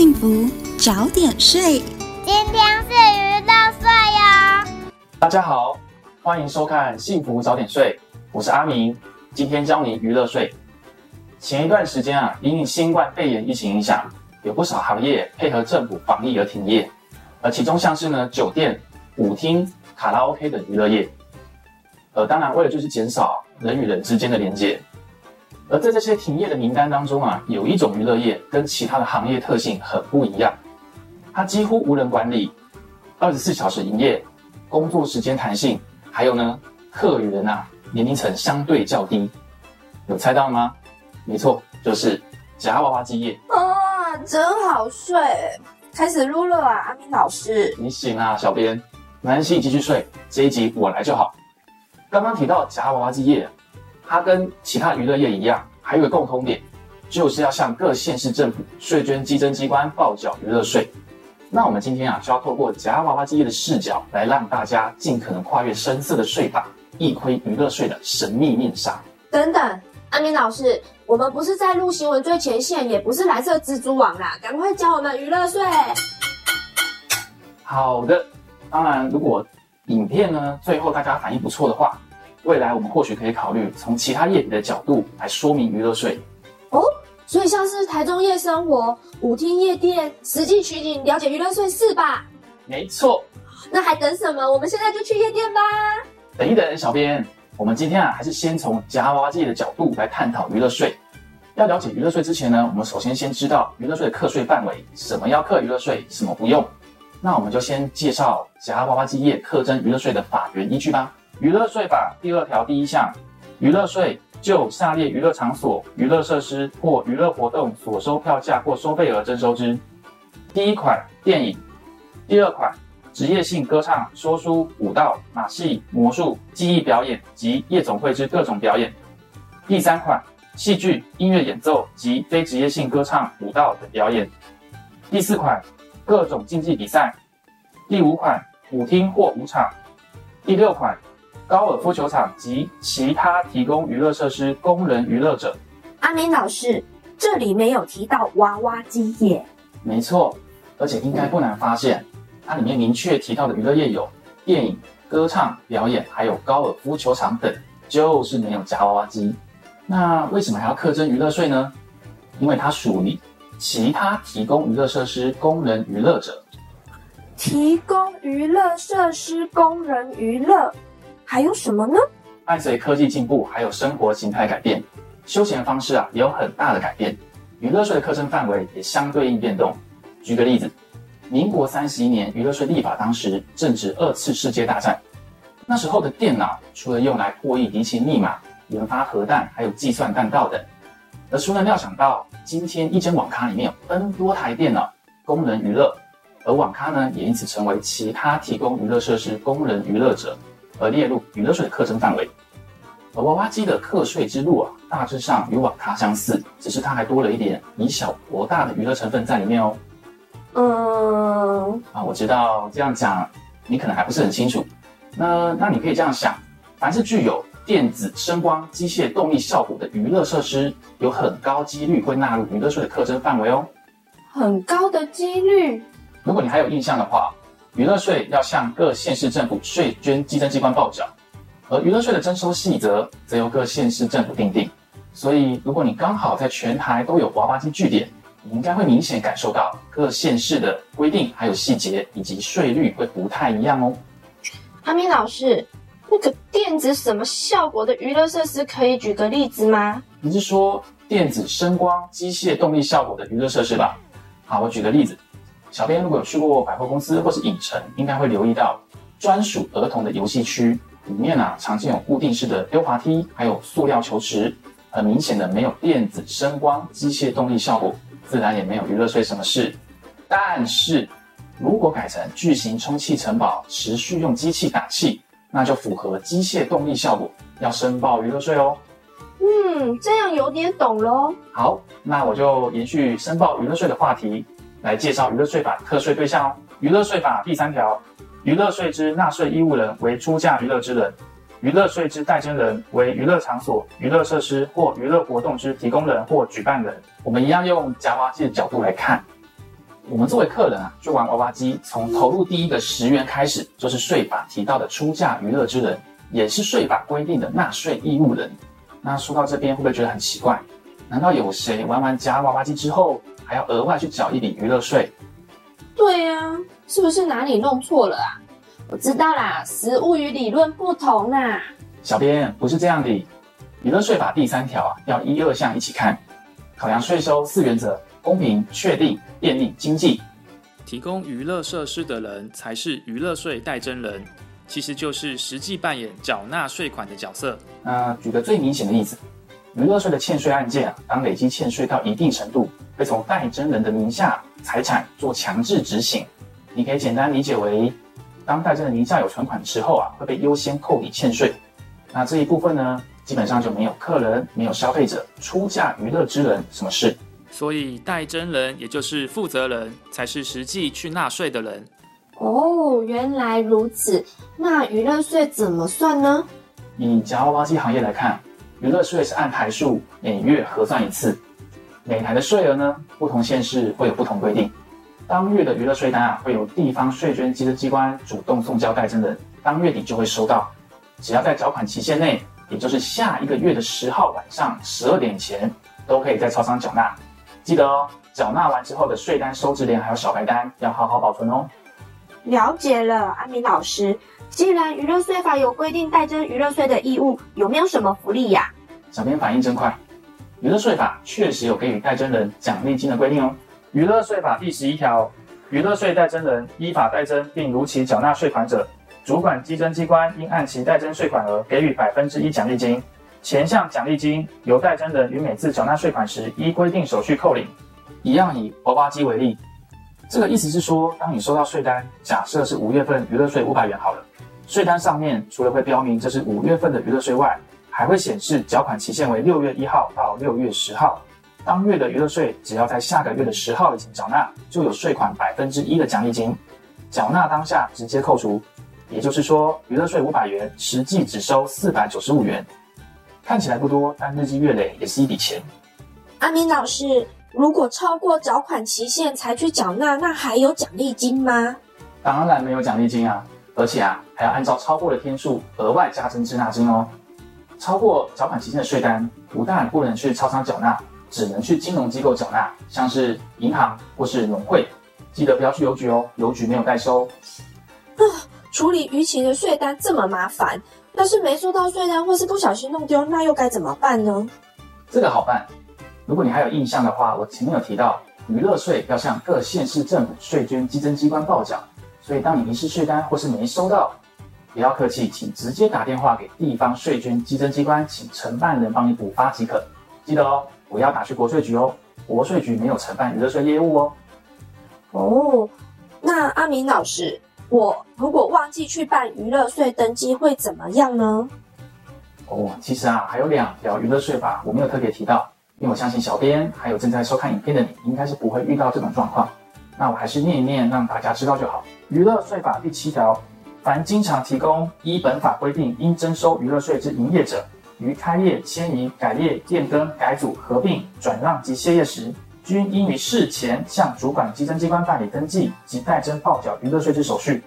幸福找點稅，今天是娛樂稅呀！大家好，歡迎收看《幸福找點稅》，我是阿明，今天教你娛樂稅。前一段時間啊，因為新冠肺炎疫情影響，有不少行業配合政府防疫而停業，而其中像是呢酒店、舞廳、卡拉 OK 等娛樂業，呃，當然為了就是減少人與人之間的連結。而在這些停業的名單當中啊，有一種娛樂業跟其他的行業特性很不一樣，它幾乎無人管理，二十四小時營業，工作時間彈性，還有呢，客源吶、啊、年齡層相對較低，有猜到嗎？沒錯，就是夾娃娃機業啊，真、哦、好睡，開始擼了啊，阿民老師，你醒啦、啊，小編，沒關係繼續睡，這一集我來就好。剛剛提到夾娃娃機業。它跟其他娛樂業一樣，還有個共通點，就是要向各縣市政府稅捐稽徵機關報繳娛樂稅。那我們今天啊，就要透過夾娃娃機業的視角，來讓大家盡可能跨越深色的稅法，一窺娛樂稅的神秘面紗。等等，阿民老師，我們不是在錄新聞最前線，也不是藍色蜘蛛網啦，趕快教我們娛樂稅。好的，當然，如果影片呢，最後大家反應不錯的話，未來我們或許可以考慮從其他業體的角度來說明娛樂稅。哦，所以像是台中夜生活、舞廳、夜店，實際取景了解娛樂稅是吧？沒錯。那還等什麼？我們現在就去夜店吧。等一等，小編，我們今天啊，還是先從夾娃娃機的角度來探討娛樂稅。要了解娛樂稅之前呢，我們首先先知道娛樂稅的課稅範圍，什麼要課娛樂稅，什麼不用。那我們就先介紹夾娃娃機業課徵娛樂稅的法源依據吧。娛樂稅法第二條第一項，娛樂稅就下列娛樂場所、娛樂設施或娛樂活動所收票價或收費額徵收之。第一款電影；第二款職業性歌唱、說書、舞蹈、馬戲、魔術、技藝表演及夜總會之各種表演；第三款戲劇、音樂演奏及非職業性歌唱、舞蹈等表演；第四款各種競技比賽；第五款舞廳或舞場；第六款。高爾夫球場及其他提供娛樂設施供人娛樂者。阿民老師，這裡沒有提到娃娃機耶。沒錯，而且應該不難發現，嗯、它裡面明確提到的娛樂業有電影、歌唱表演，還有高爾夫球場等，就是沒有夾娃娃機。那為什麼還要課徵娛樂稅呢？因為它屬於其他提供娛樂設施供人娛樂者，提供娛樂設施供人娛樂。還有什麼呢？伴隨科技進步，還有生活形態改變，休閒方式啊也有很大的改變，娛樂稅的課徵範圍也相對應變動。舉個例子，民國三十一年娛樂稅立法，當時正值二次世界大戰，那時候的電腦除了用來破譯敵情密碼、研發核彈，還有計算彈道等。而誰能料想到，今天一間網咖裡面有 N 多台電腦，供人娛樂，而網咖呢也因此成為其他提供娛樂設施供人娛樂者。而列入娛樂稅的課徵範圍，而娃娃機的課稅之路啊，大致上與網咖相似，只是它還多了一點以小博大的娛樂成分在裡面哦。嗯、呃，啊，我知道，這樣講你可能還不是很清楚。那那你可以這樣想：凡是具有電子、聲光、機械動力效果的娛樂設施，有很高幾率會納入娛樂稅的課徵範圍哦。很高的幾率。如果你還有印象的話。娛樂稅要向各縣市政府稅捐稽徵機關報繳，而娛樂稅的徵收細則則由各縣市政府訂定。所以，如果你剛好在全台都有娃娃機據點，你應該會明顯感受到各縣市的規定、還有細節以及稅率會不太一樣哦。阿民老師，那個電子什麼效果的娛樂設施可以舉個例子嗎？你是說電子聲光機械動力效果的娛樂設施吧？好，我舉個例子。小編如果有去過百貨公司或是影城，應該會留意到專屬兒童的遊戲區裡面啊，常見有固定式的溜滑梯，還有塑料球池，很明顯的沒有電子、聲光、機械動力效果，自然也沒有娛樂稅什麼事。但是如果改成巨型充氣城堡，持續用機器打氣，那就符合機械動力效果，要申報娛樂稅哦。嗯，這樣有點懂咯哦。好，那我就延續申報娛樂稅的話題。來介紹娛樂稅法課稅對象哦。娛樂稅法第三條，娛樂稅之納稅義務人為出價娛樂之人，娛樂稅之代徵人為娛樂場所、娛樂設施或娛樂活動之提供人或舉辦人。我們一樣用夾娃娃機的角度來看，我們作為客人啊，去玩娃娃機，從投入第一個十元開始，就是稅法提到的出價娛樂之人，也是稅法規定的納稅義務人。那說到這邊，會不會覺得很奇怪？難道有誰玩完夾娃娃機之後，還要額外去繳一筆娛樂稅，對呀、啊，是不是哪裡弄錯了啊？我知道啦，實務與理論不同啊。小編不是這樣的，娛樂稅法第三條啊，要一二項一起看，考量稅收四原則：公平、確定、便利、經濟。提供娛樂設施的人才是娛樂稅代徵人，其實就是實際扮演繳納稅款的角色。那舉個最明顯的例子，娛樂稅的欠稅案件啊，當累積欠稅到一定程度。會從代徵人的名下財產做強制執行，你可以簡單理解為，當代徵人名下有存款的時候啊，會被優先扣抵欠稅。那這一部分呢，基本上就沒有客人、沒有消費者、出價娛樂之人什麼事。所以代徵人也就是負責人才是實際去納稅的人。哦，原來如此。那娛樂稅怎麼算呢？以夾娃娃機行業來看，娛樂稅是按台數每月核算一次。每台的稅額呢？不同縣市會有不同規定。當月的娛樂稅單啊，會由地方稅捐稽徵機關主動送交代徵人，當月底就會收到。只要在繳款期限內，也就是下一個月的十號晚上十二點前，都可以在超商繳納。記得哦，繳納完之後的稅單收執聯還有小白單要好好保存哦。了解了，阿民老師，既然娛樂稅法有規定代徵娛樂稅的義務，有沒有什麼福利呀、啊？小編反應真快。娛樂稅法確實有給予代徵人獎勵金的規定哦。娛樂稅法第十一條，娛樂稅代徵人依法代徵並如期繳納稅款者，主管稽徵機關應按其代徵稅款額給予百分之一獎勵金。前項獎勵金由代徵人於每次繳納稅款時依規定手續扣領。一樣以歐巴基為例，這個意思是說，當你收到稅單，假設是五月份娛樂稅五百元好了，稅單上面除了會標明這是五月份的娛樂稅外，還會顯示繳款期限為六月一號到六月十號，當月的娛樂稅只要在下個月的十號以前繳納，就有稅款百分之一的獎勵金，繳納當下直接扣除，也就是說娛樂稅五百元實際只收四百九十五元，看起來不多，但日積月累也是一筆錢。阿民老師，如果超過繳款期限才去繳納，那還有獎勵金嗎？當然沒有獎勵金啊，而且啊還要按照超過的天數額外加徵滯納金哦。超過繳款期限的稅單，不但不能去超商繳納，只能去金融機構繳納，像是銀行或是農會。記得不要去郵局哦，郵局沒有代收。啊，處理逾期的稅單這麼麻煩，要是沒收到稅單或是不小心弄丟，那又該怎麼辦呢？這個好辦，如果你還有印象的話，我前面有提到，娛樂稅要向各縣市政府稅捐稽徵機關報繳，所以當你遺失稅單或是沒收到。不要客氣，請直接打電話給地方稅捐稽徵機關，請承辦人幫你補發即可。記得哦，不要打去國稅局哦，國稅局沒有承辦娛樂稅業務哦。哦，那阿民老師，我如果忘記去辦娛樂稅登記會怎麼樣呢？哦，其實啊，還有兩條娛樂稅法我沒有特別提到，因為我相信小編還有正在收看影片的你，應該是不會遇到這種狀況。那我還是念一念讓大家知道就好。娛樂稅法第七條。凡經常提供依本法規定應徵收娛樂稅之營業者，於開業、遷移、改業、變更、改組、合併、轉讓及歇業時，均應於事前向主管稽徵機關辦理登記及代徵報繳娛樂稅之手續。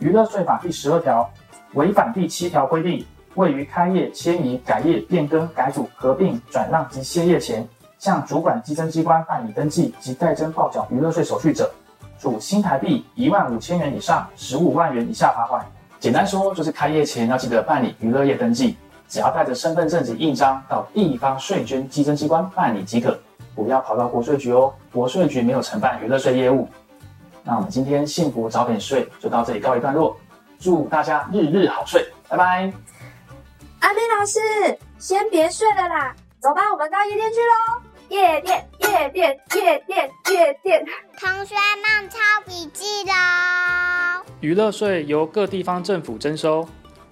娛樂稅法第十二條，違反第七條規定，未於開業、遷移、改業、變更、改組、合併、轉讓及歇業前，向主管稽徵機關辦理登記及代徵報繳娛樂稅手續者。處新台幣一萬五千元以上，十五萬元以下罰款。簡單說，就是開業前要記得辦理娛樂業登記，只要帶着身份證及印章到地方稅捐稽徵機關辦理即可，不要跑到國稅局哦，國稅局沒有承辦娛樂稅業務。那我們今天幸福早點睡，就到這裡告一段落，祝大家日日好睡，拜拜。阿民老師，先別睡了啦，走吧，我們到夜店去嘍。夜店，夜店，夜店，夜店！同學們抄筆記嘍。娛樂稅由各地方政府徵收，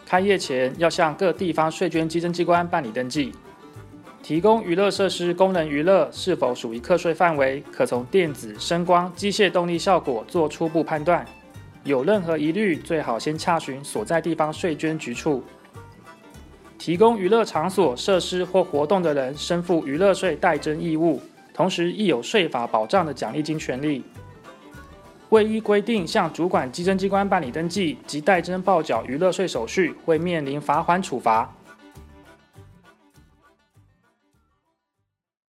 開業前要向各地方稅捐稽徵機關辦理登記。提供娛樂設施供人娛樂是否屬於課稅範圍，可從電子、聲光、機械動力效果做初步判斷。有任何疑慮，最好先洽詢所在地方稅捐局處。提供娛樂場所設施或活動的人，身負娛樂稅代徵義務，同時亦有稅法保障的獎勵金權利。未依規定向主管稽徵機關辦理登記及代徵報繳娛樂稅手續，會面臨罰款處罰。